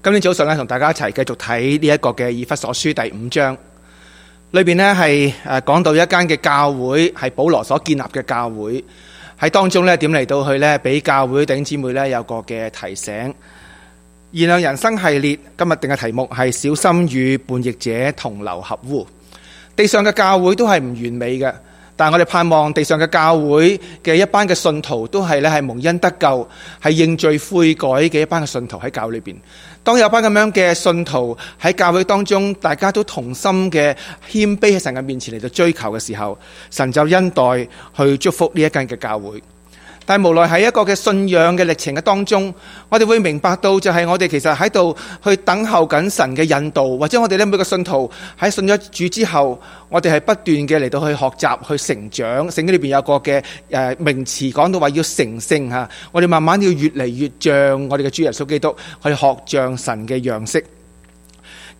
今天早上咧，同大家一齊繼續睇呢一個嘅《以弗所書》第五章，裏邊呢，係誒講到一間嘅教會係保羅所建立嘅教會，喺當中呢，點嚟到去呢？俾教會弟兄姊妹呢，有個嘅提醒。燃亮人生系列今日定嘅題目係小心與悖逆者同流合污。地上嘅教會都係唔完美嘅。但我哋盼望地上嘅教會嘅一班嘅信徒都係咧係蒙恩得救，係認罪悔改嘅一班嘅信徒喺教裏邊。當有班咁樣嘅信徒喺教會當中，大家都同心嘅謙卑喺神嘅面前嚟到追求嘅時候，神就恩待去祝福呢一間嘅教會。但無奈喺一個嘅信仰嘅歷程嘅當中，我哋會明白到就係我哋其實喺度去等候緊神嘅引導，或者我哋咧每個信徒喺信咗主之後，我哋係不斷嘅嚟到去學習、去成長。聖經裏邊有個嘅誒名詞講到話要成聖吓，我哋慢慢要越嚟越像我哋嘅主耶穌基督，去學像神嘅樣式。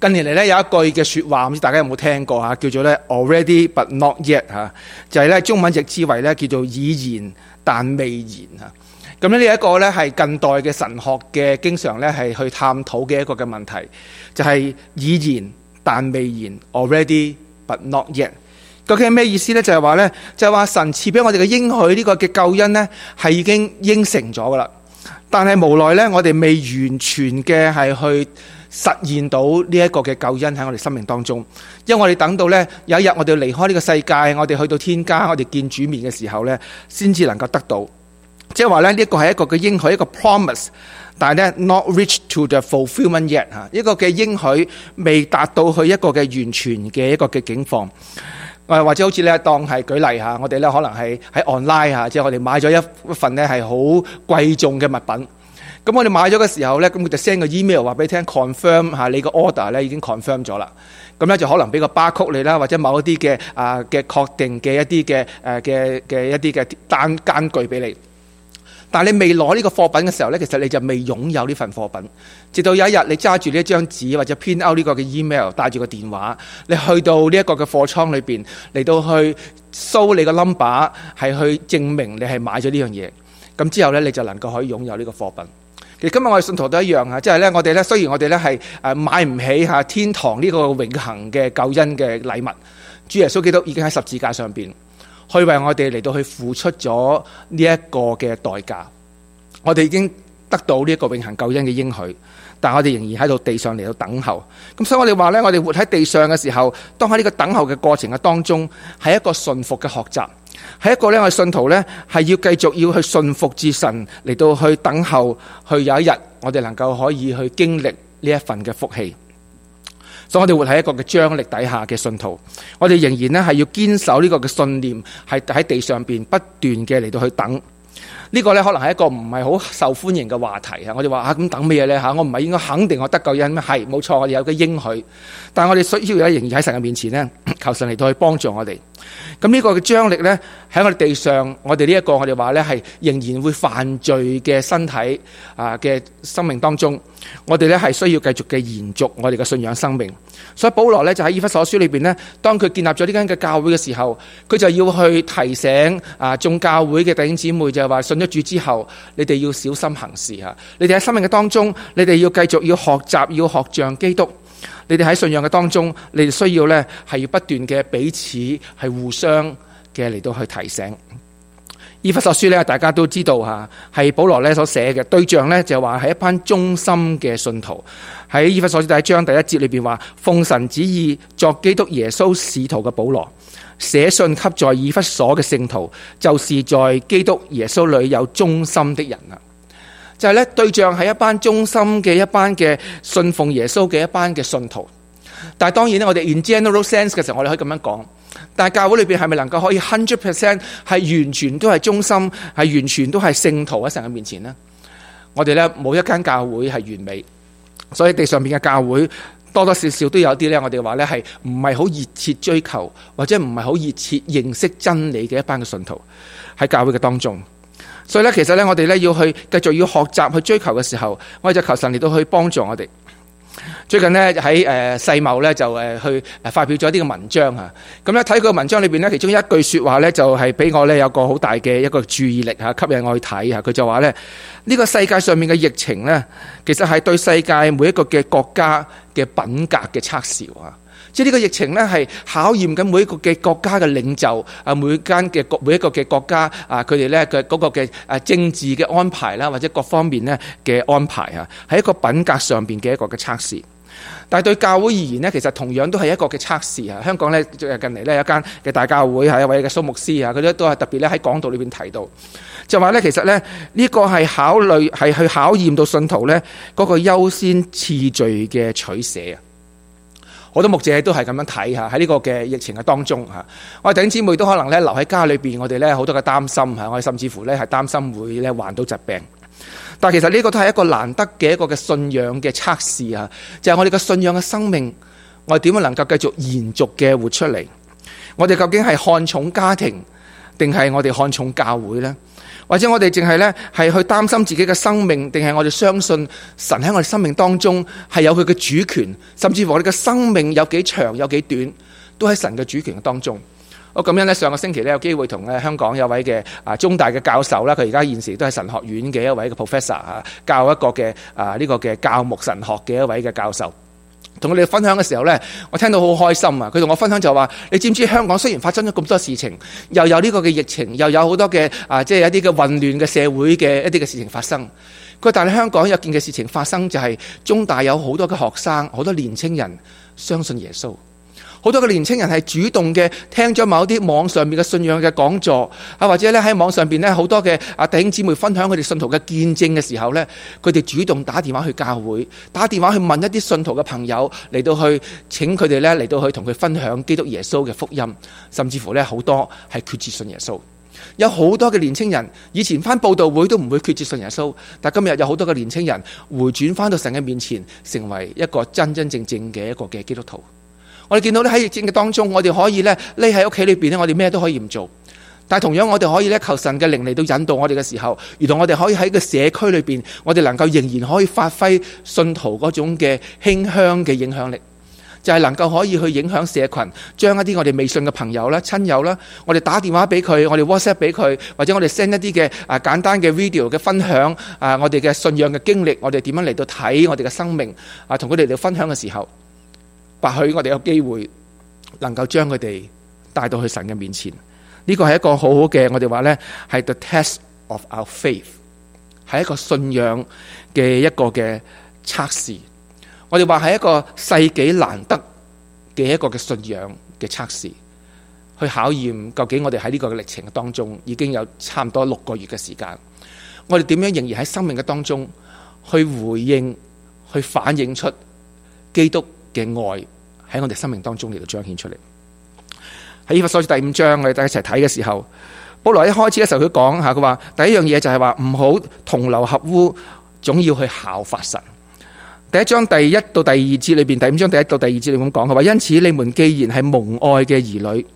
近年嚟咧有一句嘅説話，唔知大家有冇聽過嚇，叫做咧 already but not yet 嚇，就係咧中文譯之為咧叫做已然但未然嚇。咁咧呢一個咧係近代嘅神學嘅經常咧係去探討嘅一個嘅問題，就係已然但未然 already but not yet，究竟係咩意思咧？就係話咧，就係話神賜俾我哋嘅應許呢個嘅救恩咧係已經應承咗噶啦，但係無奈咧我哋未完全嘅係去，實現到呢一個嘅救恩喺我哋生命當中，因為我哋等到咧有一日我哋要離開呢個世界，我哋去到天家，我哋見主面嘅時候咧，先至能夠得到。即係話咧，呢一個係一個嘅應許，一個 promise，但係咧 not reach to the fulfillment yet 嚇，一個嘅應許未達到佢一個嘅完全嘅一個嘅境況。誒或者好似咧當係舉例嚇，我哋咧可能係喺 online 嚇，即係我哋買咗一一份咧係好貴重嘅物品。咁我哋買咗嘅時候呢，咁佢就 send 個 email 話俾你聽 confirm 吓你個 order 呢已經 confirm 咗啦。咁呢就可能俾個 barcode 你啦，或者某一啲嘅啊嘅確定嘅一啲嘅誒嘅嘅一啲嘅單單據俾你。但係你未攞呢個貨品嘅時候呢，其實你就未擁有呢份貨品。直到有一日你揸住呢一張紙或者 print out 呢個嘅 email，帶住個電話，你去到呢一個嘅貨倉裏邊嚟到去 show 你個 number，係去證明你係買咗呢樣嘢。咁之後呢，你就能夠可以擁有呢個貨品。其實今日我哋信徒都一樣啊，即係咧，我哋咧，雖然我哋咧係誒買唔起嚇天堂呢個永恆嘅救恩嘅禮物，主耶穌基督已經喺十字架上邊，去為我哋嚟到去付出咗呢一個嘅代價，我哋已經得到呢一個永恆救恩嘅應許，但我哋仍然喺度地上嚟到等候，咁所以我哋話咧，我哋活喺地上嘅時候，當喺呢個等候嘅過程嘅當中，係一個順服嘅學習，係一個咧我哋信徒咧係要繼續要去順服至神嚟到去等候，去有一日我哋能夠可以去經歷呢一份嘅福氣。所以我哋活喺一個嘅張力底下嘅信徒，我哋仍然咧係要堅守呢個嘅信念，係喺地上邊不斷嘅嚟到去等。呢個呢可能係一個唔係好受歡迎嘅話題啊！我哋話啊，咁等咩呢嚇？我唔係應該肯定我得救因咩係冇錯，我哋有個應許，但係我哋需要呢仍然喺神嘅面前呢，求神嚟到去幫助我哋。咁呢個嘅張力呢喺我哋地上，我哋呢一個我哋話呢係仍然會犯罪嘅身體啊嘅生命當中，我哋呢係需要繼續嘅延續我哋嘅信仰生命。所以保羅呢就喺以弗所書裏邊呢，當佢建立咗呢間嘅教會嘅時候，佢就要去提醒啊眾教會嘅弟兄姊妹就係話信。跟住之後，你哋要小心行事吓。你哋喺生命嘅當中，你哋要繼續要學習，要學像基督。你哋喺信仰嘅當中，你哋需要呢係要不斷嘅彼此係互相嘅嚟到去提醒。以弗所書呢，大家都知道吓，係保羅呢所寫嘅對象呢，就話係一班忠心嘅信徒。喺以弗所書第一章第一節裏邊話，奉神旨意，作基督耶穌使徒嘅保羅。寫信給在以弗所嘅聖徒，就是在基督耶穌裏有忠心的人啦。就係咧，對象係一班忠心嘅一班嘅信奉耶穌嘅一班嘅信徒。但係當然咧，我哋 in general sense 嘅時候，我哋可以咁樣講。但係教會裏邊係咪能夠可以 hundred percent 係完全都係忠心，係完全都係聖徒喺神嘅面前呢？我哋咧冇一間教會係完美，所以地上面嘅教會。多多少少都有啲咧，我哋話咧係唔係好熱切追求，或者唔係好熱切認識真理嘅一班嘅信徒喺教會嘅當中，所以咧其實咧我哋咧要去繼續要學習去追求嘅時候，我哋就求神嚟都去幫助我哋。最近呢，喺世貿咧就去誒發表咗一啲嘅文章嚇咁咧睇佢嘅文章裏面呢，其中一句說話咧就係俾我咧有個好大嘅一個注意力嚇，吸引我去睇嚇佢就話咧呢個世界上面嘅疫情咧，其實係對世界每一個嘅國家嘅品格嘅測試啊，即係呢個疫情咧係考驗緊每一個嘅國家嘅領袖啊，每間嘅每一個嘅國家啊，佢哋咧嘅嗰個嘅政治嘅安排啦，或者各方面咧嘅安排嚇，係一個品格上面嘅一個嘅測試。但係對教會而言咧，其實同樣都係一個嘅測試啊！香港咧近嚟有一間嘅大教會係一位嘅蘇牧師啊，佢咧都係特別咧喺講道裏邊提到，就話咧其實咧呢個係考慮係去考驗到信徒咧嗰個優先次序嘅取捨啊！好多牧者都係咁樣睇下，喺呢個嘅疫情嘅當中吓，我哋弟兄姊妹都可能咧留喺家裏邊，我哋咧好多嘅擔心吓，我哋甚至乎咧係擔心會咧患到疾病。但其實呢個都係一個難得嘅一個嘅信仰嘅測試啊，就係我哋嘅信仰嘅生命，我哋點樣能夠繼續延續嘅活出嚟？我哋究竟係看重家庭，定係我哋看重教會呢？或者我哋淨係呢，係去擔心自己嘅生命，定係我哋相信神喺我哋生命當中係有佢嘅主權，甚至乎我哋嘅生命有幾長有幾短，都喺神嘅主權當中。我咁樣咧，上個星期咧有機會同香港有一位嘅啊中大嘅教授啦，佢而家現時都係神學院嘅一位嘅 professor 啊，教一個嘅啊呢個嘅教牧神學嘅一位嘅教授，同我哋分享嘅時候咧，我聽到好開心啊！佢同我分享就話：你知唔知香港雖然發生咗咁多事情，又有呢個嘅疫情，又有好多嘅啊即係一啲嘅混亂嘅社會嘅一啲嘅事情發生。佢話但係香港有件嘅事情發生就係中大有好多嘅學生，好多年青人相信耶穌。好多嘅年青人係主動嘅聽咗某啲網上面嘅信仰嘅講座，啊或者咧喺網上邊咧好多嘅啊弟兄姊妹分享佢哋信徒嘅見證嘅時候咧，佢哋主動打電話去教會，打電話去問一啲信徒嘅朋友嚟到去請佢哋咧嚟到去同佢分享基督耶穌嘅福音，甚至乎咧好多係決志信耶穌。有好多嘅年青人以前返布道會都唔會決志信耶穌，但今日有好多嘅年青人回轉返到神嘅面前，成為一個真真正正嘅一個嘅基督徒。我哋見到咧喺疫症嘅當中，我哋可以咧匿喺屋企裏面咧，我哋咩都可以唔做。但係同樣我哋可以咧求神嘅靈嚟到引導我哋嘅時候，如同我哋可以喺個社區裏面，我哋能夠仍然可以發揮信徒嗰種嘅馨香嘅影響力，就係、是、能夠可以去影響社群，將一啲我哋未信嘅朋友啦、親友啦，我哋打電話俾佢，我哋 WhatsApp 俾佢，或者我哋 send 一啲嘅啊簡單嘅 video 嘅分享啊，我哋嘅信仰嘅經歷，我哋點樣嚟到睇我哋嘅生命啊，同佢哋嚟分享嘅時候。或許我哋有機會能夠將佢哋帶到去神嘅面前。呢個係一個好好嘅，我哋話呢係 The Test of Our Faith，係一個信仰嘅一個嘅測試。我哋話係一個世紀難得嘅一個嘅信仰嘅測試，去考驗究竟我哋喺呢個歷程當中已經有差唔多六個月嘅時間，我哋點樣仍然喺生命嘅當中去回應、去反映出基督嘅愛喺我哋生命當中嚟到彰顯出嚟。喺《以弗所書》第五章，我哋大家一齊睇嘅時候，保羅一開始嘅時候佢講下佢話第一樣嘢就係話唔好同流合污，總要去效法神。第一章第一到第二節裏邊，第五章第一到第二節裏咁講，佢話因此你們既然係蒙愛嘅兒女，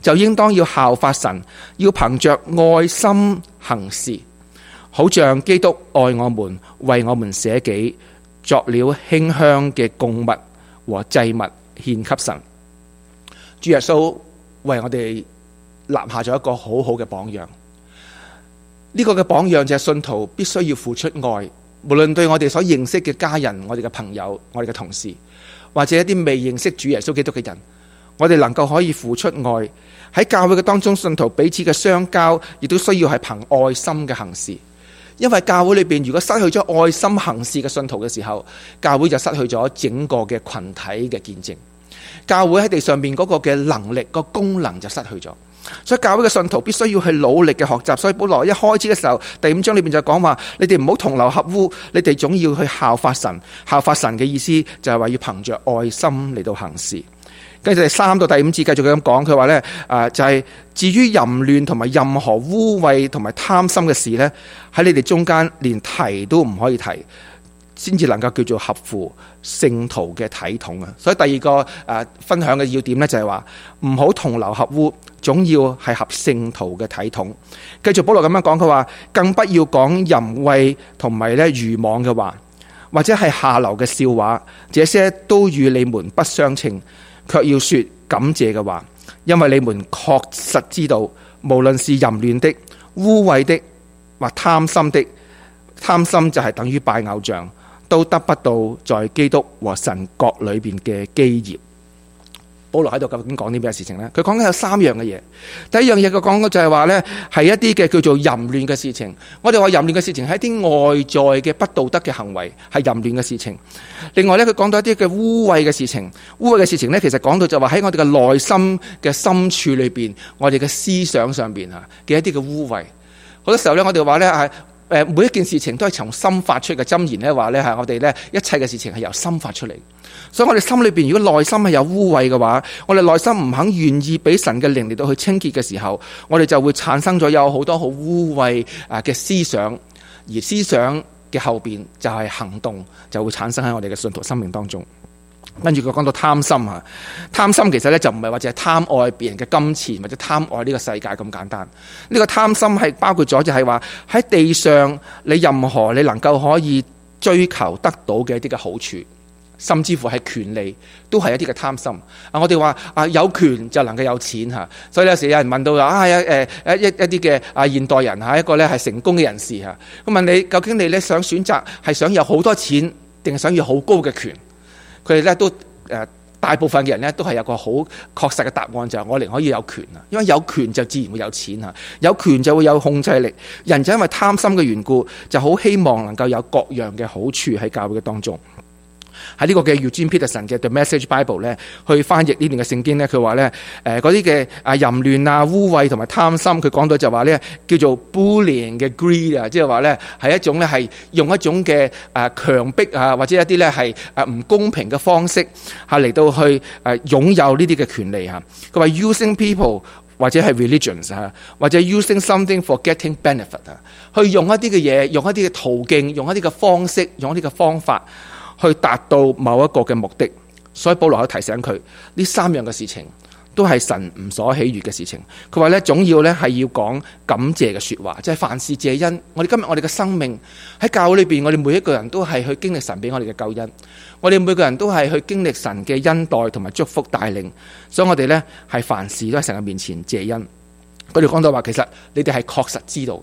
就應當要效法神，要憑着愛心行事，好像基督愛我們，為我們捨己，作了馨香嘅供物。和祭物獻給神，主耶穌為我哋立下咗一個好好嘅榜樣。呢個嘅榜樣就係信徒必須要付出愛，無論對我哋所認識嘅家人、我哋嘅朋友、我哋嘅同事，或者一啲未認識主耶穌基督嘅人，我哋能夠可以付出愛。喺教會嘅當中，信徒彼此嘅相交，亦都需要係憑愛心嘅行事。因為教會裏邊如果失去咗愛心行事嘅信徒嘅時候，教會就失去咗整個嘅群體嘅見證，教會喺地上邊嗰個嘅能力個功能就失去咗。所以教會嘅信徒必須要去努力嘅學習。所以本來一開始嘅時候第五章裏邊就講話，你哋唔好同流合污，你哋總要去效法神。效法神嘅意思就係話要憑着愛心嚟到行事。跟住第三到第五節，繼續佢咁講，佢話呢誒，就係、是、至於淫亂同埋任何污穢同埋貪心嘅事呢，喺你哋中間連提都唔可以提，先至能夠叫做合乎聖徒嘅體統啊！所以第二個誒分享嘅要點呢、就是，就係話唔好同流合污，總要係合聖徒嘅體統。繼續保羅咁樣講，佢話更不要講淫穢同埋咧愚妄嘅話，或者係下流嘅笑話，這些都與你們不相稱。卻要說感謝嘅話，因為你們確實知道，無論是淫亂的、污穢的或貪心的，貪心就係等於拜偶像，都得不到在基督和神國裏邊嘅基業。保羅喺度究竟講啲咩事情咧？佢講緊有三樣嘅嘢。第一樣嘢佢講嘅就係話咧，係一啲嘅叫做淫亂嘅事情。我哋話淫亂嘅事情係一啲外在嘅不道德嘅行為，係淫亂嘅事情。另外咧，佢講到一啲嘅污穢嘅事情。污穢嘅事情咧，其實講到就話喺我哋嘅內心嘅深處裏邊，我哋嘅思想上邊吓嘅一啲嘅污穢。好多時候咧，我哋話咧係。誒，每一件事情都係從心發出嘅。箴言咧，話咧吓，我哋咧一切嘅事情係由心發出嚟。所以我哋心裏邊如果內心係有污穢嘅話，我哋內心唔肯願意俾神嘅靈嚟到去清潔嘅時候，我哋就會產生咗有好多好污穢啊嘅思想，而思想嘅後邊就係行動，就會產生喺我哋嘅信徒生命當中。跟住佢講到貪心啊，貪心其實咧就唔係話淨係貪愛別人嘅金錢或者貪愛呢個世界咁簡單，呢個貪心係包括咗就係話喺地上你任何你能夠可以追求得到嘅一啲嘅好處，甚至乎係權利都係一啲嘅貪心啊！我哋話啊，有權就能夠有錢吓，所以有時有人問到話啊，誒，一一啲嘅啊現代人吓，一個咧係成功嘅人士吓，我問你究竟你咧想選擇係想有好多錢定係想要好高嘅權？佢哋咧都誒大部分嘅人咧都係有個好確實嘅答案，就係、是、我哋可以有權，啊，因為有權就自然會有錢，啊，有權就會有控制力。人就因為貪心嘅緣故，就好希望能夠有各樣嘅好處喺教會嘅當中。喺呢個嘅 Eugene Peterson 嘅 Message Bible 咧，去翻譯呢段嘅聖經咧，佢話咧，誒嗰啲嘅啊淫亂啊污穢同埋貪心，佢講到就話咧，叫做 bullying 嘅 greed 啊，即係話咧係一種咧係用一種嘅啊強迫啊或者一啲咧係唔公平嘅方式嚇嚟到去擁有呢啲嘅權利嚇。佢話 using people 或者係 religions 啊或者 using something for getting benefit 啊，去用一啲嘅嘢，用一啲嘅途徑，用一啲嘅方式，用一啲嘅方，方法。去達到某一個嘅目的，所以保羅去提醒佢呢三樣嘅事情都係神唔所喜悅嘅事情。佢話咧總要咧係要講感謝嘅說話，即係凡事謝恩。我哋今日我哋嘅生命喺教會裏邊，我哋每一個人都係去經歷神俾我哋嘅救恩，我哋每個人都係去經歷神嘅恩待同埋祝福帶領，所以我哋咧係凡事都喺神嘅面前謝恩。佢哋講到話，其實你哋係確實知道的。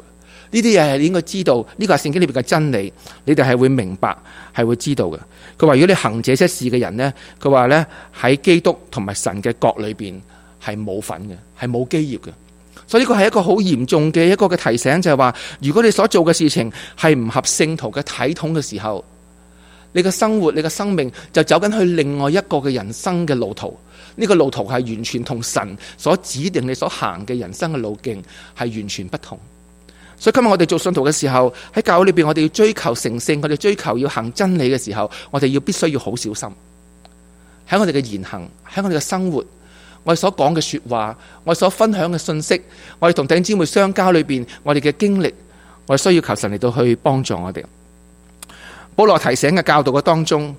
呢啲嘢係你應該知道，呢個係聖經裏邊嘅真理，你哋係會明白，係會知道嘅。佢話如果你行這些事嘅人呢，佢話呢，喺基督同埋神嘅國裏邊係冇份嘅，係冇基業嘅。所以呢個係一個好嚴重嘅一個嘅提醒，就係話，如果你所做嘅事情係唔合聖徒嘅體統嘅時候，你嘅生活、你嘅生命就走緊去另外一個嘅人生嘅路途。呢個路途係完全同神所指定你所行嘅人生嘅路徑係完全不同。所以今日我哋做信徒嘅時候，喺教會裏邊，我哋要追求誠信，我哋追求要行真理嘅時候，我哋要必須要好小心。喺我哋嘅言行，喺我哋嘅生活，我哋所講嘅說話，我哋所分享嘅信息，我哋同弟兄姊妹相交裏邊，我哋嘅經歷，我哋需要求神嚟到去幫助我哋。保羅提醒嘅教導嘅當中，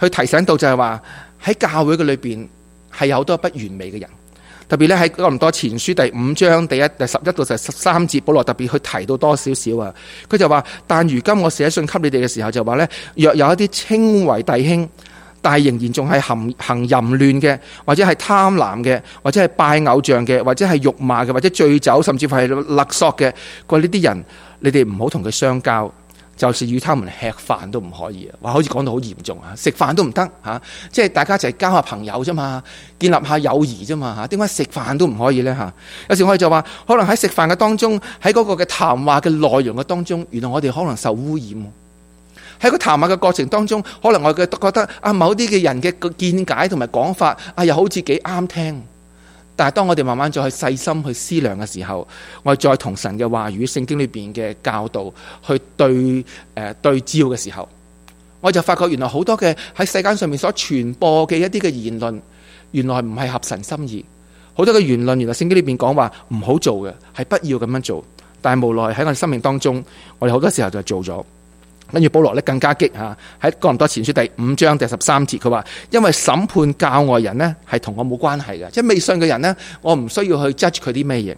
佢提醒到就係話，喺教會嘅裏邊係有好多不完美嘅人。特別咧喺《哥林多前書》第五章第一、第十一到第十三節，保羅特別去提到多少少啊？佢就話：但如今我寫信給你哋嘅時候，就話咧，若有一啲稱為弟兄，但係仍然仲係行行淫亂嘅，或者係貪婪嘅，或者係拜偶像嘅，或者係辱罵嘅，或者醉酒，甚至乎係勒索嘅，嗰呢啲人，你哋唔好同佢相交。就是與他們吃飯都唔可以啊！哇，好似講到好嚴重啊！食飯都唔得嚇，即係大家一齊交下朋友啫嘛，建立下友誼啫嘛嚇，點解食飯都唔可以呢？嚇、啊？有時我哋就話，可能喺食飯嘅當中，喺嗰個嘅談話嘅內容嘅當中，原來我哋可能受污染。喺個談話嘅過程當中，可能我哋都覺得啊，某啲嘅人嘅見解同埋講法啊，又好似幾啱聽。但係當我哋慢慢再去細心去思量嘅時候，我再同神嘅話語、聖經裏邊嘅教導去對誒、呃、對照嘅時候，我就發覺原來好多嘅喺世間上面所傳播嘅一啲嘅言論，原來唔係合神心意。好多嘅言論原來聖經裏邊講話唔好做嘅，係不要咁樣做。但係無奈喺我哋生命當中，我哋好多時候就做咗。跟住保羅咧更加激吓，喺《哥林多前書》第五章第十三節，佢話：因為審判教外人呢係同我冇關係嘅，即係未信嘅人呢，我唔需要去 judge 佢啲咩嘢。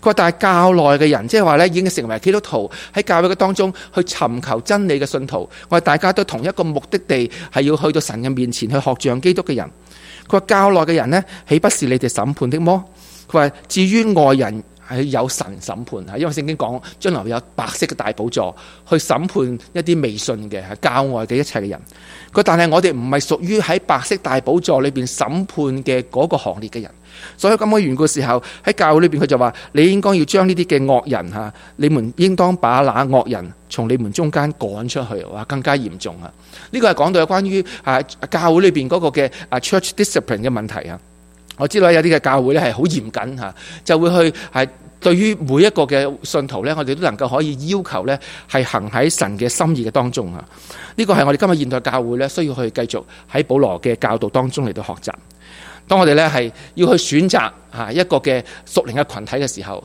佢話但係教內嘅人，即係話呢已經成為基督徒喺教會嘅當中去尋求真理嘅信徒，我哋大家都同一個目的地，係要去到神嘅面前去學像基督嘅人。佢話教內嘅人呢，豈不是你哋審判的麼？佢話至於外人。係有神審判，因為聖經講，將來有白色嘅大寶座去審判一啲未信嘅教外嘅一切嘅人。佢，但係我哋唔係屬於喺白色大寶座裏邊審判嘅嗰個行列嘅人。所以咁嘅緣故時候喺教會裏邊，佢就話你應該要將呢啲嘅惡人吓，你們應當把那惡人從你們中間趕出去。哇，更加嚴重啊！呢、這個係講到關於喺教會裏邊嗰個嘅啊 church discipline 嘅問題啊。我知道有啲嘅教會咧係好嚴謹吓，就會去係對於每一個嘅信徒咧，我哋都能夠可以要求咧係行喺神嘅心意嘅當中啊。呢、這個係我哋今日現代教會咧需要去繼續喺保羅嘅教導當中嚟到學習。當我哋咧係要去選擇啊一個嘅屬靈嘅群體嘅時候，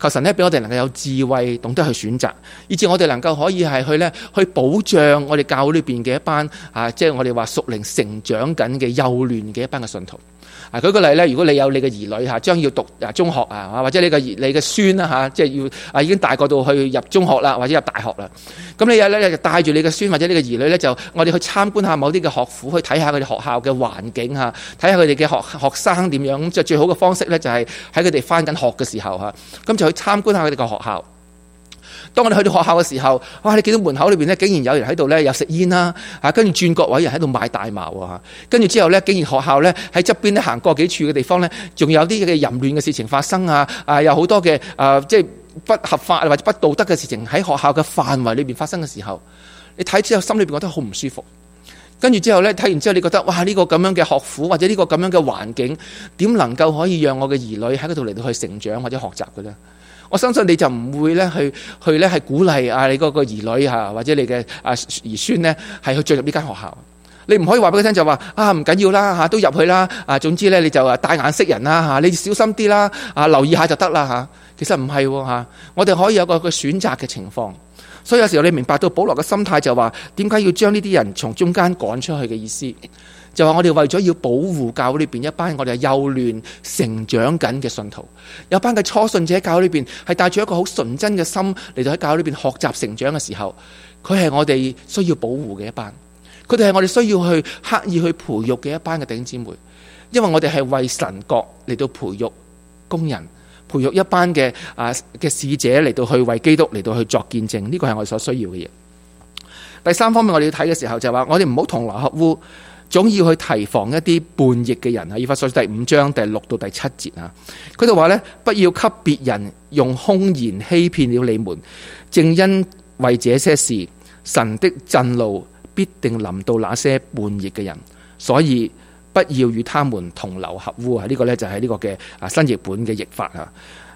求神咧俾我哋能夠有智慧，懂得去選擇，以致我哋能夠可以係去咧去保障我哋教會裏邊嘅一班啊，即、就、係、是、我哋話屬靈成長緊嘅幼嫩嘅一班嘅信徒。啊！舉個例咧，如果你有你嘅兒女將要讀啊中學啊，或者你嘅你嘅孫即係要啊已經大個度去入中學啦，或者入大學啦。咁你有咧就帶住你嘅孫或者你嘅兒女咧，就我哋去參觀下某啲嘅學府，去睇下佢哋學校嘅環境，睇下佢哋嘅學學生點樣。最好嘅方式咧，就係喺佢哋翻緊學嘅時候嚇，咁就去參觀下佢哋嘅學校。當我哋去到學校嘅時候，哇！你見到門口裏邊咧，竟然有人喺度咧又食煙啦，嚇！跟住轉角位有人喺度買大麻喎，嚇！跟住之後咧，竟然學校咧喺側邊咧行過幾處嘅地方咧，仲有啲嘅淫亂嘅事情發生啊！啊，有好多嘅啊，即係不合法或者不道德嘅事情喺學校嘅範圍裏邊發生嘅時候，你睇之後心裏邊覺得好唔舒服。跟住之後咧，睇完之後你覺得哇！呢個咁樣嘅學府或者呢個咁樣嘅環境，點能夠可以讓我嘅兒女喺嗰度嚟到去成長或者學習嘅咧？我相信你就唔會咧去去咧係鼓勵啊你嗰個兒女吓，或者你嘅啊兒孫咧係去進入呢間學校。你唔可以話俾佢聽，就話啊唔緊要啦吓，都入去啦，啊總之咧你就戴色啊帶眼識人啦吓，你小心啲啦啊留意一下就得啦吓。其實唔係吓，我哋可以有個個選擇嘅情況。所以有時候你明白到保羅嘅心態就話點解要將呢啲人從中間趕出去嘅意思。就話我哋為咗要保護教會呢邊一班我哋嘅幼嫩成長緊嘅信徒，有一班嘅初信者教會呢邊係帶住一個好純真嘅心嚟到喺教會呢邊學習成長嘅時候，佢係我哋需要保護嘅一班，佢哋係我哋需要去刻意去培育嘅一班嘅弟兄姊妹，因為我哋係為神國嚟到培育工人，培育一班嘅啊嘅使者嚟到去為基督嚟到去作見證，呢個係我哋所需要嘅嘢。第三方面我哋要睇嘅時候就話我哋唔好同流合污。總要去提防一啲叛逆嘅人啊，以弗所書第五章第六到第七節啊，佢就話咧，不要給別人用空言欺騙了你們，正因為這些事，神的震怒必定臨到那些叛逆嘅人，所以不要與他們同流合污啊！呢、呢個咧就係呢個嘅啊新譯本嘅譯法啊。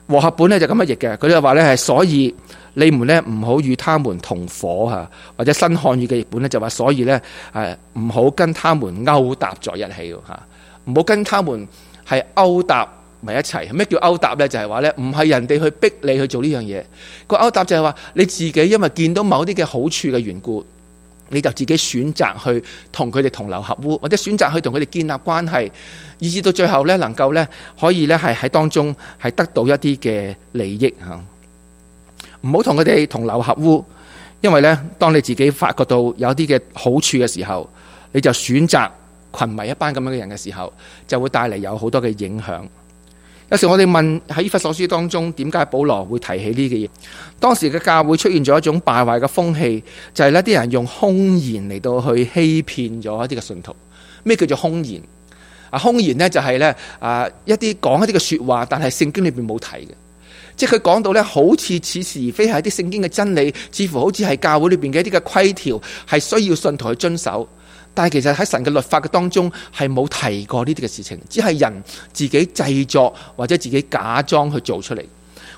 和合本咧就咁樣譯嘅，佢就話咧係所以你們咧唔好與他們同伙吓，或者新漢語嘅譯本咧就話所以咧誒唔好跟他們勾搭在一起吓，唔好跟他們係勾搭埋一齊。咩叫勾搭咧？就係話咧唔係人哋去逼你去做呢樣嘢，個勾搭就係話你自己因為見到某啲嘅好處嘅緣故。你就自己選擇去同佢哋同流合污，或者選擇去同佢哋建立關係，以至到最後呢，能夠呢，可以呢，係喺當中係得到一啲嘅利益吓。唔好同佢哋同流合污，因為呢，當你自己發覺到有啲嘅好處嘅時候，你就選擇群迷一班咁樣嘅人嘅時候，就會帶嚟有好多嘅影響。有時我哋問喺《以弗所書》當中，點解保羅會提起呢啲嘢？當時嘅教會出現咗一種敗壞嘅風氣，就係呢啲人用空言嚟到去欺騙咗一啲嘅信徒。咩叫做空言？啊，空言呢就係呢，啊一啲講一啲嘅說話，但係聖經裏邊冇提嘅。即係佢講到呢，好似似是而非，係一啲聖經嘅真理，似乎好似係教會裏邊嘅一啲嘅規條，係需要信徒去遵守。但係其實喺神嘅律法嘅當中係冇提過呢啲嘅事情，只係人自己製作或者自己假裝去做出嚟。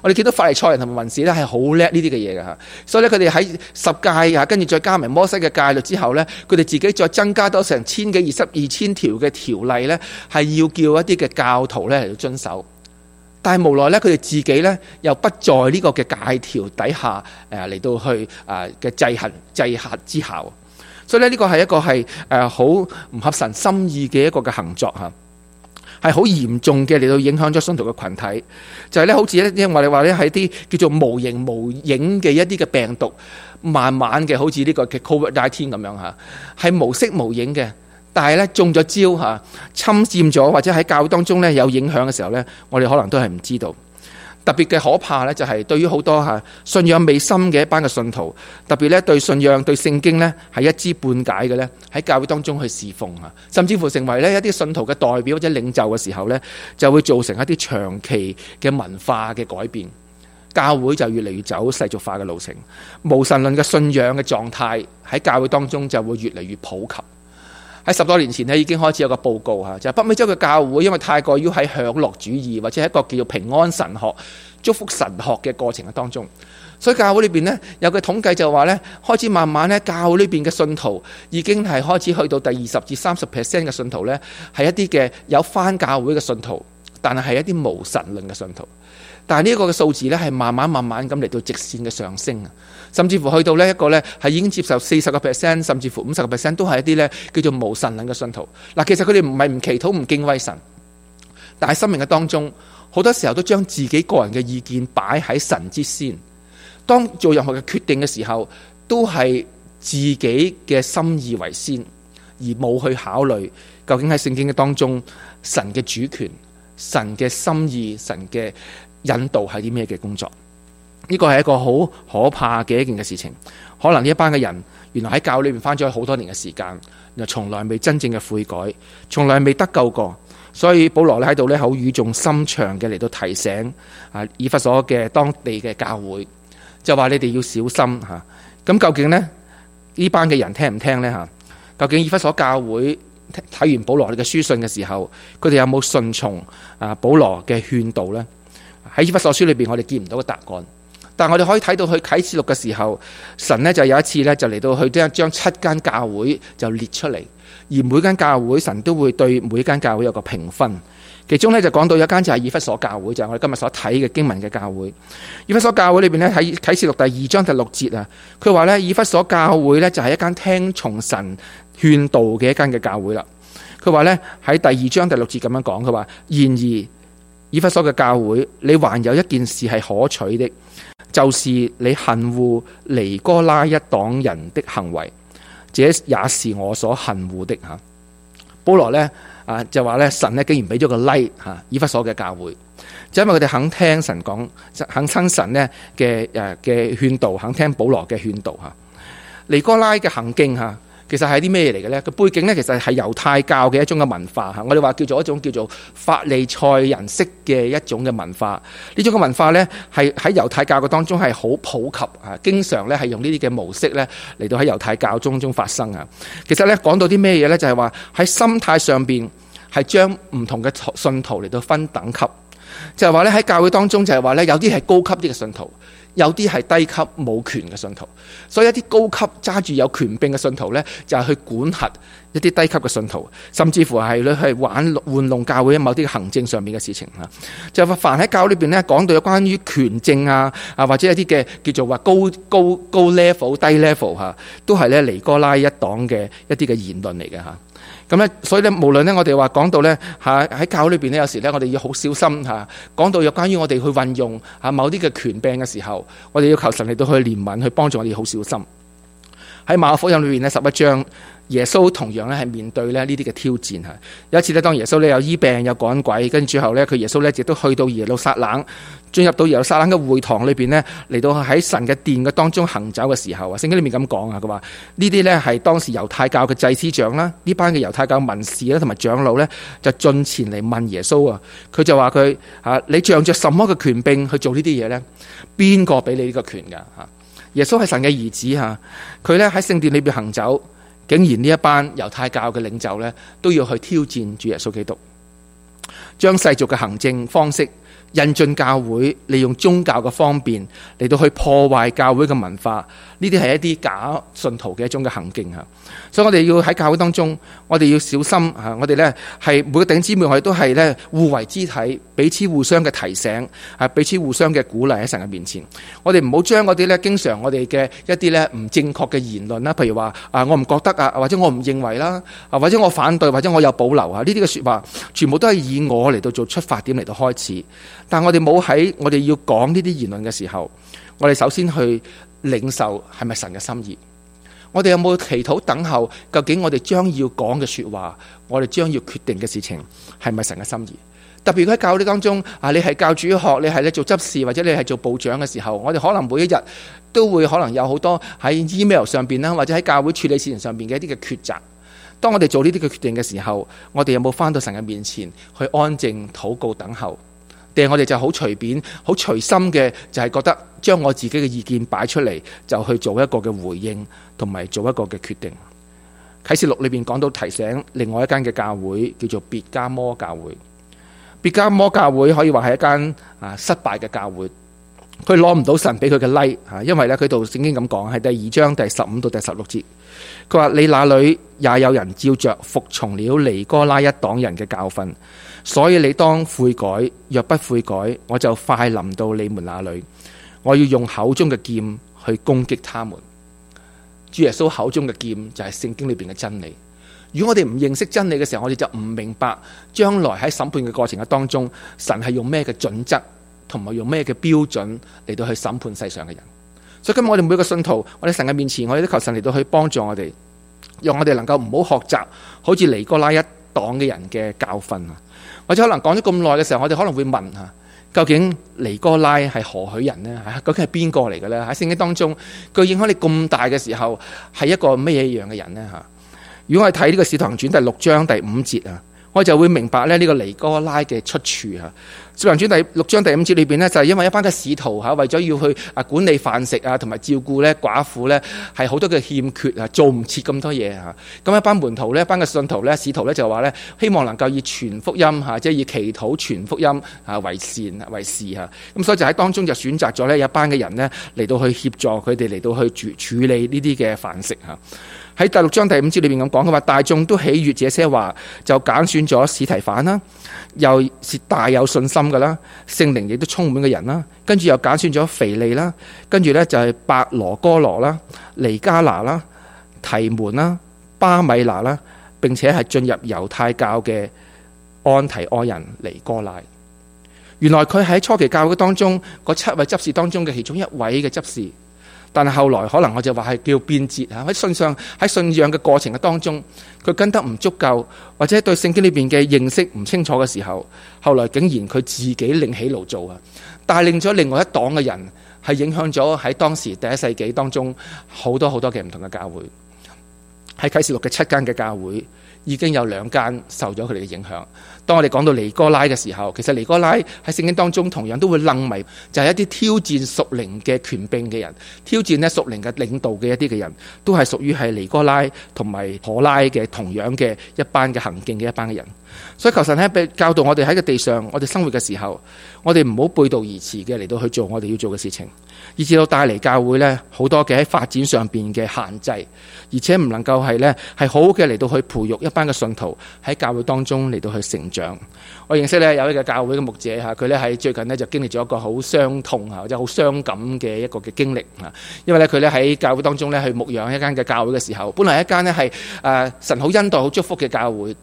我哋見到法利賽人同埋文士咧係好叻呢啲嘅嘢㗎吓，所以咧佢哋喺十誡啊，跟住再加埋摩西嘅戒律之後咧，佢哋自己再增加多成千幾二十二千條嘅條例咧，係要叫一啲嘅教徒咧嚟到遵守。但係無奈咧，佢哋自己咧又不在呢個嘅戒條底下誒嚟到去啊嘅制行制核之下。所以咧，呢個係一個係誒，好唔合神心意嘅一個嘅行作吓，係好嚴重嘅嚟到影響咗信徒嘅群體。就係咧，好似一啲我哋話咧係啲叫做無形無影嘅一啲嘅病毒，慢慢嘅好似呢個嘅 Covid nineteen 咁樣吓，係無色無影嘅，但係咧中咗招吓，侵佔咗或者喺教會當中咧有影響嘅時候咧，我哋可能都係唔知道。特別嘅可怕呢，就係對於好多吓信仰未深嘅一班嘅信徒，特別咧對信仰、對聖經呢係一知半解嘅呢，喺教會當中去侍奉啊，甚至乎成為呢一啲信徒嘅代表或者領袖嘅時候呢，就會造成一啲長期嘅文化嘅改變，教會就越嚟越走世俗化嘅路程，無神論嘅信仰嘅狀態喺教會當中就會越嚟越普及。喺十多年前咧，已經開始有一個報告嚇，就係北美洲嘅教會，因為太過於喺享樂主義或者一個叫做平安神學、祝福神學嘅過程嘅當中，所以教會裏邊呢，有個統計就話呢，開始慢慢呢，教會裏邊嘅信徒已經係開始去到第二十至三十 percent 嘅信徒呢，係一啲嘅有翻教會嘅信徒，但係一啲無神論嘅信徒，但係呢一個嘅數字呢，係慢慢慢慢咁嚟到直線嘅上升啊。甚至乎去到呢一個呢，係已經接受四十個 percent，甚至乎五十個 percent，都係一啲呢叫做無神論嘅信徒。嗱，其實佢哋唔係唔祈禱、唔敬畏神，但係生命嘅當中，好多時候都將自己個人嘅意見擺喺神之先。當做任何嘅決定嘅時候，都係自己嘅心意為先，而冇去考慮究竟喺聖經嘅當中，神嘅主權、神嘅心意、神嘅引導係啲咩嘅工作。呢、這個係一個好可怕嘅一件嘅事情。可能呢一班嘅人原來喺教裏面返咗好多年嘅時間，又從來未真正嘅悔改，從來未得救過。所以保羅咧喺度咧好語重心長嘅嚟到提醒啊，以弗所嘅當地嘅教會，就話你哋要小心吓。咁究竟呢？呢班嘅人聽唔聽呢？吓？究竟以弗所教會睇完保羅嘅書信嘅時候，佢哋有冇順從啊保羅嘅勸導呢？喺以弗所書裏邊，我哋見唔到個答案。但我哋可以睇到去啟示錄嘅時候，神呢就有一次呢就嚟到去將將七間教會就列出嚟，而每間教會神都會對每間教會有個評分。其中呢，就講到有一間就係以弗所教會，就係、是、我哋今日所睇嘅經文嘅教會。以弗所教會裏邊呢，喺啟示錄第二章第六節啊，佢話呢「以弗所教會呢，就係一間聽從神勸導嘅一間嘅教會啦。佢話呢，喺第二章第六節咁樣講，佢話然而。以弗所嘅教會，你還有一件事係可取的，就是你恨惡尼哥拉一黨人的行為，這也是我所恨惡的吓。保羅呢，啊就話呢，神呢竟然俾咗個 like 吓，以弗所嘅教會就因為佢哋肯聽神講，肯聽神呢嘅誒嘅勸導，肯聽保羅嘅勸導吓。尼哥拉嘅行徑，吓。其實係啲咩嘢嚟嘅呢？個背景呢，其實係猶太教嘅一種嘅文化吓。我哋話叫做一種叫做法利賽人式嘅一種嘅文化。呢種嘅文化呢，係喺猶太教嘅當中係好普及吓，經常咧係用呢啲嘅模式呢嚟到喺猶太教中中發生啊。其實呢，講到啲咩嘢呢？就係話喺心態上邊係將唔同嘅信徒嚟到分等級，就係話呢，喺教會當中就係話呢，有啲係高級啲嘅信徒。有啲係低級冇權嘅信徒，所以一啲高級揸住有權柄嘅信徒咧，就係去管轄一啲低級嘅信徒，甚至乎係咧係玩玩弄教會某啲行政上面嘅事情嚇。就凡喺教會裏邊咧，講到有關於權政啊啊，或者一啲嘅叫做話高高高 level 低 level 嚇，都係咧尼哥拉一黨嘅一啲嘅言論嚟嘅嚇。咁咧，所以呢，無論呢，我哋話講到呢，喺教會裏面呢，有時呢，我哋要好小心嚇。講到有關於我哋去運用某啲嘅權柄嘅時候，我哋要求神嚟到去憐憫，去幫助我哋好小心。喺馬可福音裏面呢，十一章耶穌同樣咧係面對咧呢啲嘅挑戰吓。有一次咧，當耶穌呢有醫病、有趕鬼，跟住之後呢，佢耶穌呢亦都去到耶路撒冷，進入到耶路撒冷嘅會堂裏邊呢，嚟到喺神嘅殿嘅當中行走嘅時候啊，聖經裏面咁講啊，佢話呢啲呢係當時猶太教嘅祭司長啦，呢班嘅猶太教文士啦，同埋長老呢，就進前嚟問耶穌啊，佢就話佢吓，你仗着什麼嘅權柄去做呢啲嘢呢？邊個俾你呢個權噶吓？耶穌係神嘅兒子吓，佢咧喺聖殿裏邊行走，竟然呢一班猶太教嘅領袖咧都要去挑戰主耶穌基督，將世俗嘅行政方式引進教會，利用宗教嘅方便嚟到去破壞教會嘅文化，呢啲係一啲假信徒嘅一種嘅行徑吓。所以我哋要喺教會當中，我哋要小心吓，我哋咧係每個頂姊妹，我哋都係咧互為肢體，彼此互相嘅提醒，啊，彼此互相嘅鼓勵喺神嘅面前。我哋唔好將嗰啲咧，經常我哋嘅一啲咧唔正確嘅言論啦，譬如話啊，我唔覺得啊，或者我唔認為啦，啊，或者我反對，或者我有保留啊，呢啲嘅說話，全部都係以我嚟到做出發點嚟到開始。但我哋冇喺我哋要講呢啲言論嘅時候，我哋首先去領受係咪神嘅心意。我哋有冇祈禱等候？究竟我哋將要講嘅說話，我哋將要決定嘅事情，係咪神嘅心意？特別喺教會當中，啊，你係教主學，你係咧做執事，或者你係做部長嘅時候，我哋可能每一日都會可能有好多喺 email 上邊啦，或者喺教會處理事情上邊嘅一啲嘅抉擇。當我哋做呢啲嘅決定嘅時候，我哋有冇返到神嘅面前去安靜禱告等候？我哋就好隨便、好隨心嘅，就係、是、覺得將我自己嘅意見擺出嚟，就去做一個嘅回應，同埋做一個嘅決定。啟示錄裏面講到提醒另外一間嘅教會，叫做別加摩教會。別加摩教會可以話係一間啊失敗嘅教會，佢攞唔到神俾佢嘅禮嚇，因為呢，佢度正經咁講喺第二章第十五到第十六節，佢話：你那裏也有人照著服從了尼哥拉一黨人嘅教訓。所以你當悔改，若不悔改，我就快臨到你們那裏。我要用口中嘅劍去攻擊他們。主耶穌口中嘅劍就係聖經裏邊嘅真理。如果我哋唔認識真理嘅時候，我哋就唔明白將來喺審判嘅過程嘅當中，神係用咩嘅準則，同埋用咩嘅標準嚟到去審判世上嘅人。所以今日我哋每一個信徒，我哋神嘅面前，我哋都求神嚟到去幫助我哋，讓我哋能夠唔好學習好似尼哥拉一黨嘅人嘅教訓啊！我哋可能講咗咁耐嘅時候，我哋可能會問吓：究竟尼哥拉係何許人呢？究竟係邊個嚟嘅呢？喺聖經當中，佢影響你咁大嘅時候，係一個咩樣嘅人呢？吓，如果我哋睇呢個《使徒行傳》第六章第五節啊，我就會明白咧呢個尼哥拉嘅出處吓。《使徒行傳》第六章第五節裏邊呢，就係因為一班嘅使徒吓，為咗要去啊管理飯食啊，同埋照顧咧寡婦咧，係好多嘅欠缺啊，做唔切咁多嘢啊。咁一班門徒咧，一班嘅信徒咧，使徒咧就話咧，希望能夠以全福音吓，即係以祈禱全福音吓為善為事吓。咁所以就喺當中就選擇咗咧一班嘅人呢，嚟到去協助佢哋嚟到去處處理呢啲嘅飯食吓。喺第六章第五節裏面咁講，嘅話，大眾都喜悦這些話，就揀選咗史提反啦，又是大有信心噶啦，聖靈亦都充滿嘅人啦，跟住又揀選咗腓利啦，跟住咧就係伯羅哥羅啦、尼加拿啦、提門啦、巴米拿啦，並且係進入猶太教嘅安提愛人尼哥拉。原來佢喺初期教會當中嗰七位執事當中嘅其中一位嘅執事。但係後來可能我就話係叫變節啊！喺信上喺信仰嘅過程嘅當中，佢跟得唔足夠，或者對聖經裏邊嘅認識唔清楚嘅時候，後來竟然佢自己另起爐灶啊！帶領咗另外一黨嘅人，係影響咗喺當時第一世紀當中好多好多嘅唔同嘅教會。喺啟示錄嘅七間嘅教會，已經有兩間受咗佢哋嘅影響。當我哋講到尼哥拉嘅時候，其實尼哥拉喺聖經當中同樣都會愣迷，就係一啲挑戰屬靈嘅權柄嘅人，挑戰屬靈嘅領導嘅一啲嘅人，都係屬於係尼哥拉同埋可拉嘅同樣嘅一班嘅行徑嘅一班嘅人。所以求神喺度教導我哋喺個地上，我哋生活嘅時候，我哋唔好背道而馳嘅嚟到去做我哋要做嘅事情。以至到帶嚟教會呢好多嘅喺發展上邊嘅限制，而且唔能夠係呢係好好嘅嚟到去培育一班嘅信徒喺教會當中嚟到去成長。我認識呢有一個教會嘅牧者，佢呢喺最近呢就經歷咗一個好傷痛嚇，或者好傷感嘅一個嘅經歷，因為呢佢呢喺教會當中呢去牧養一間嘅教會嘅時候，本來一間呢係神好恩待好祝福嘅教會。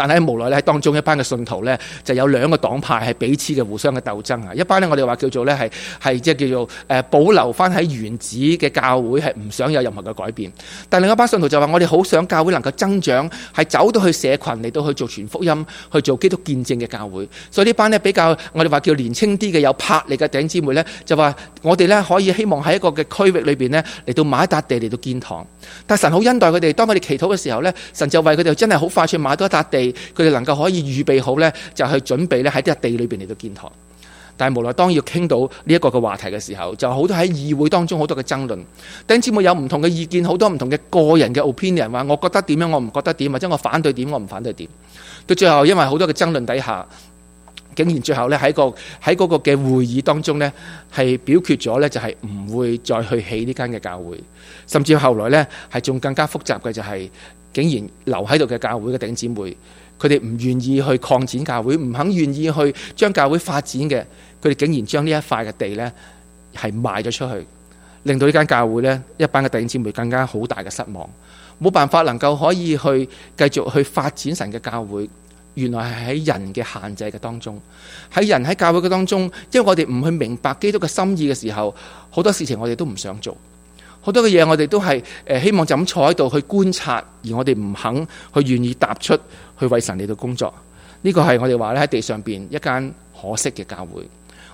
但係無奈咧，當中一班嘅信徒咧，就有兩個黨派係彼此嘅互相嘅鬥爭啊！一班咧，我哋話叫做咧係係即係叫做誒保留翻喺原址嘅教會，係唔想有任何嘅改變。但另一班信徒就話：我哋好想教會能夠增長，係走到去社群嚟到去做全福音、去做基督見證嘅教會。所以這班呢班咧比較我哋話叫年青啲嘅有魄力嘅頂姊妹咧，就話我哋咧可以希望喺一個嘅區域裏邊咧嚟到買一笪地嚟到建堂。但神好恩待佢哋，當佢哋祈禱嘅時候咧，神就為佢哋真係好快脆買到一笪地。佢哋能夠可以預備好呢，就是、去準備呢，喺啲地裏邊嚟到建堂。但係無奈，當要傾到呢一個嘅話題嘅時候，就好多喺議會當中好多嘅爭論，弟兄姊妹有唔同嘅意見，好多唔同嘅個人嘅 opinion，話我覺得點樣，我唔覺得點，或者我反對點，我唔反對點。到最後因為好多嘅爭論底下，竟然最後呢，喺個喺嗰個嘅會議當中呢，係表決咗呢，就係、是、唔會再去起呢間嘅教會，甚至後來呢，係仲更加複雜嘅就係、是。竟然留喺度嘅教會嘅弟兄姊妹，佢哋唔願意去擴展教會，唔肯願意去將教會發展嘅，佢哋竟然將呢一塊嘅地咧係賣咗出去，令到呢間教會咧一班嘅弟兄姊妹更加好大嘅失望。冇辦法能夠可以去繼續去發展神嘅教會，原來係喺人嘅限制嘅當中，喺人喺教會嘅當中，因為我哋唔去明白基督嘅心意嘅時候，好多事情我哋都唔想做。好多嘅嘢，我哋都係誒，希望就咁坐喺度去觀察，而我哋唔肯去願意踏出去為神嚟到工作。呢個係我哋話咧喺地上邊一間可惜嘅教會。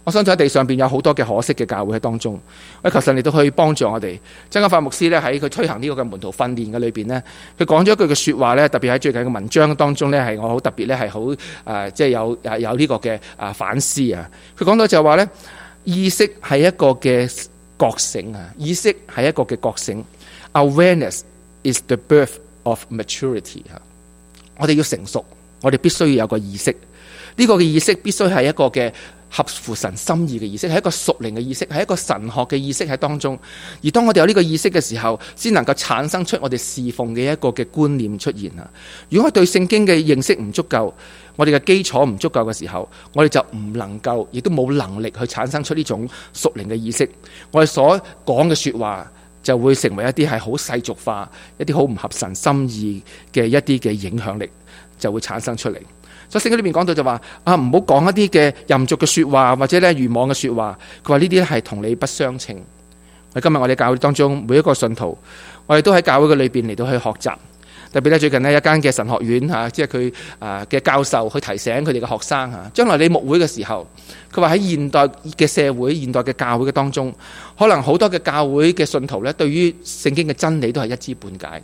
我相信喺地上邊有好多嘅可惜嘅教會喺當中。我求神都可以幫助我哋。張家法牧師咧喺佢推行呢個嘅門徒訓練嘅裏邊咧，佢講咗一句嘅說話咧，特別喺最近嘅文章當中咧，係我好特別咧，係好誒，即係有有呢個嘅誒反思啊。佢講到就係話咧，意識係一個嘅，覺醒啊，意識係一個嘅覺醒。Awareness is the birth of maturity 吓，我哋要成熟，我哋必須要有個意識。呢個嘅意識必須係一個嘅。合乎神心意嘅意識，係一個屬靈嘅意識，係一個神學嘅意識喺當中。而當我哋有呢個意識嘅時候，先能夠產生出我哋侍奉嘅一個嘅觀念出現啊！如果對聖經嘅認識唔足夠，我哋嘅基礎唔足夠嘅時候，我哋就唔能夠，亦都冇能力去產生出呢種屬靈嘅意識。我哋所講嘅說的話就會成為一啲係好世俗化、一啲好唔合神心意嘅一啲嘅影響力，就會產生出嚟。所以聖經裏邊講到就話啊，唔好講一啲嘅淫俗嘅說話或者咧，愚妄嘅說話，佢話呢啲係同你不相稱。今日我哋教會當中每一個信徒，我哋都喺教會嘅裏邊嚟到去學習。特別咧，最近呢一間嘅神學院吓，即係佢嘅教授去提醒佢哋嘅學生吓，將來你牧會嘅時候。佢話喺現代嘅社會現代嘅教會嘅當中，可能好多嘅教會嘅信徒咧，對於聖經嘅真理都係一知半解，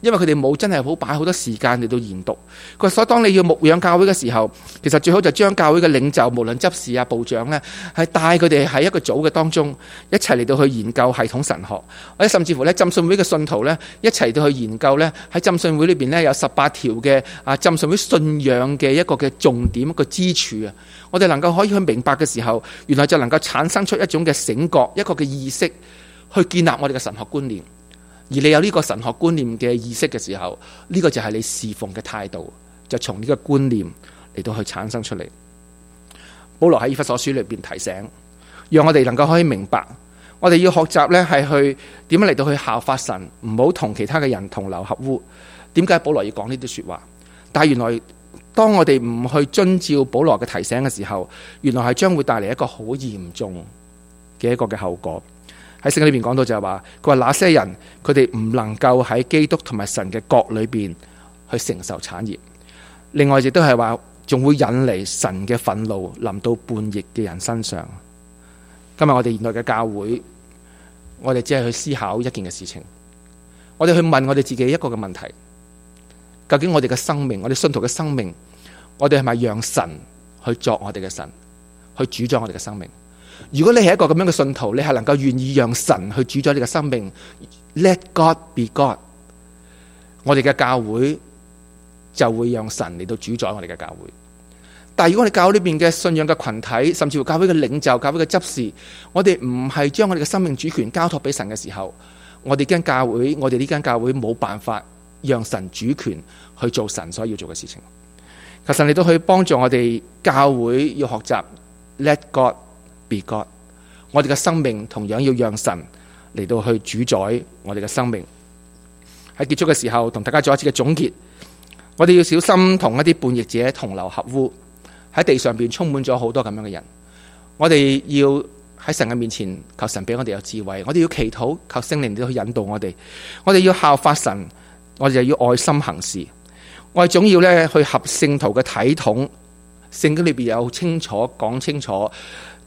因為佢哋冇真係好擺好多時間嚟到研讀，佢話所以當你要牧養教會嘅時候，其實最好就將教會嘅領袖，無論執事啊、部長咧，係帶佢哋喺一個組嘅當中，一齊嚟到去研究系統神學或者甚至乎咧浸信會嘅信徒咧，一齊到去研究咧喺浸信會裏邊咧有十八條嘅啊浸信會信仰嘅一個嘅重點一個支柱啊，我哋能夠可以去明白。嘅時候，原來就能夠產生出一種嘅醒覺，一個嘅意識，去建立我哋嘅神學觀念。而你有呢個神學觀念嘅意識嘅時候，呢個就係你侍奉嘅態度，就從呢個觀念嚟到去產生出嚟。保羅喺以弗所書裏邊提醒，讓我哋能夠可以明白，我哋要學習呢係去點樣嚟到去效法神，唔好同其他嘅人同流合污。點解保羅要講呢啲說話？但係原來。當我哋唔去遵照保羅嘅提醒嘅時候，原來係將會帶嚟一個好嚴重嘅一個嘅後果。喺聖經裏邊講到就係話，佢話那些人佢哋唔能夠喺基督同埋神嘅國裏邊去承受產業。另外亦都係話，仲會引嚟神嘅憤怒臨到叛逆嘅人身上。今日我哋現代嘅教會，我哋只係去思考一件嘅事情，我哋去問我哋自己一個嘅問題。究竟我哋嘅生命，我哋信徒嘅生命，我哋係咪讓神去作我哋嘅神，去主宰我哋嘅生命？如果你係一個咁樣嘅信徒，你係能夠願意讓神去主宰你嘅生命，Let God be God，我哋嘅教會就會讓神嚟到主宰我哋嘅教會。但係如果我哋教會裡邊嘅信仰嘅群體，甚至乎教會嘅領袖、教會嘅執事，我哋唔係將我哋嘅生命主權交託俾神嘅時候，我哋間教會，我哋呢間教會冇辦法。讓神主權去做神所要做嘅事情。求神你都可以幫助我哋教會要學習 Let God be God。我哋嘅生命同樣要讓神嚟到去主宰我哋嘅生命。喺結束嘅時候同大家做一次嘅總結。我哋要小心同一啲叛逆者同流合污。喺地上邊充滿咗好多咁樣嘅人。我哋要喺神嘅面前求神俾我哋有智慧。我哋要祈禱求聖靈嚟到去引導我哋。我哋要效法神。我哋就要愛心行事，我哋總要咧去合聖徒嘅體統。聖經裏邊有清楚講清楚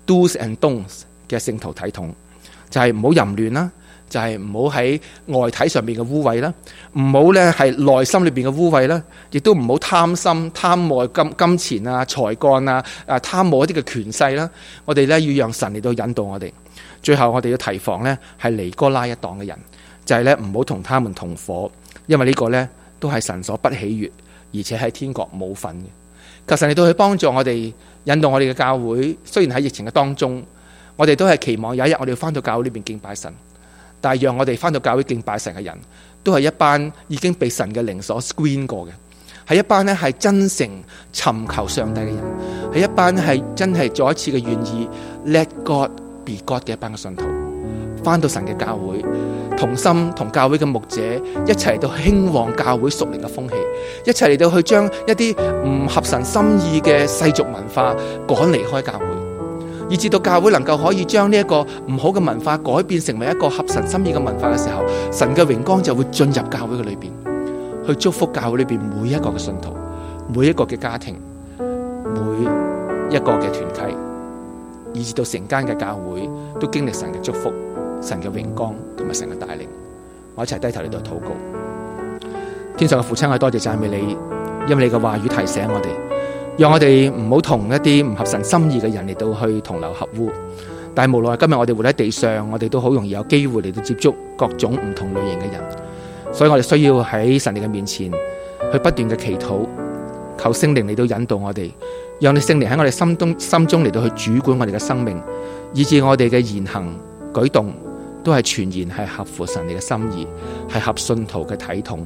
do’s and don’ts 嘅聖徒體統，就係唔好淫亂啦，就係唔好喺外體上邊嘅污穢啦，唔好咧係內心裏邊嘅污穢啦，亦都唔好貪心、貪愛金金錢啊、才幹啊、啊貪慕一啲嘅權勢啦。我哋咧要讓神嚟到引導我哋。最後我哋要提防咧係尼哥拉一黨嘅人，就係咧唔好同他們同伙。因為呢個呢都係神所不喜悅，而且喺天國冇份嘅。求神嚟到去幫助我哋，引導我哋嘅教會。雖然喺疫情嘅當中，我哋都係期望有一日我哋要翻到教會呢邊敬拜神。但係讓我哋翻到教會敬拜神嘅人，都係一班已經被神嘅靈所 screen 過嘅，係一班呢係真誠尋求上帝嘅人，係一班係真係再一次嘅願意 let God be God 嘅一班嘅信徒。返到神嘅教會，同心同教會嘅牧者一齊嚟到興旺教會屬靈嘅風氣，一齊嚟到去將一啲唔合神心意嘅世俗文化趕離開教會，以至到教會能夠可以將呢一個唔好嘅文化改變成為一個合神心意嘅文化嘅時候，神嘅榮光就會進入教會嘅裏邊，去祝福教會裏邊每一個嘅信徒、每一個嘅家庭、每一個嘅團契，以至到成間嘅教會都經歷神嘅祝福。神嘅榮光同埋神嘅大力，我一齊低頭嚟到禱告。天上嘅父親，我多謝讚美你，因為你嘅話語提醒我哋，讓我哋唔好同一啲唔合神心意嘅人嚟到去同流合污。但係無奈今日我哋活喺地上，我哋都好容易有機會嚟到接觸各種唔同類型嘅人，所以我哋需要喺神你嘅面前去不斷嘅祈禱，求聖靈嚟到引導我哋，讓你聖靈喺我哋心中心中嚟到去主管我哋嘅生命，以至我哋嘅言行舉動都係全然，係合乎神你嘅心意，係合信徒嘅體統。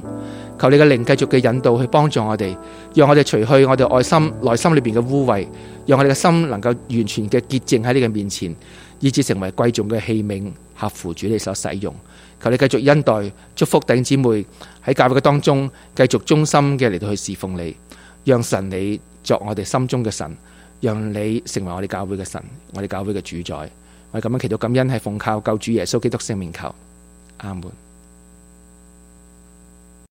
求你嘅靈繼續嘅引導，去幫助我哋，讓我哋除去我哋愛心內心裏邊嘅污穢，讓我哋嘅心能夠完全嘅潔淨喺你嘅面前，以至成為貴重嘅器皿，合乎主你所使用。求你繼續恩待祝福弟兄姊妹喺教會嘅當中，繼續忠心嘅嚟到去侍奉你，讓神你作我哋心中嘅神，讓你成為我哋教會嘅神，我哋教會嘅主宰。我咁樣祈禱感恩，係奉靠救主耶穌基督聖名求，阿門。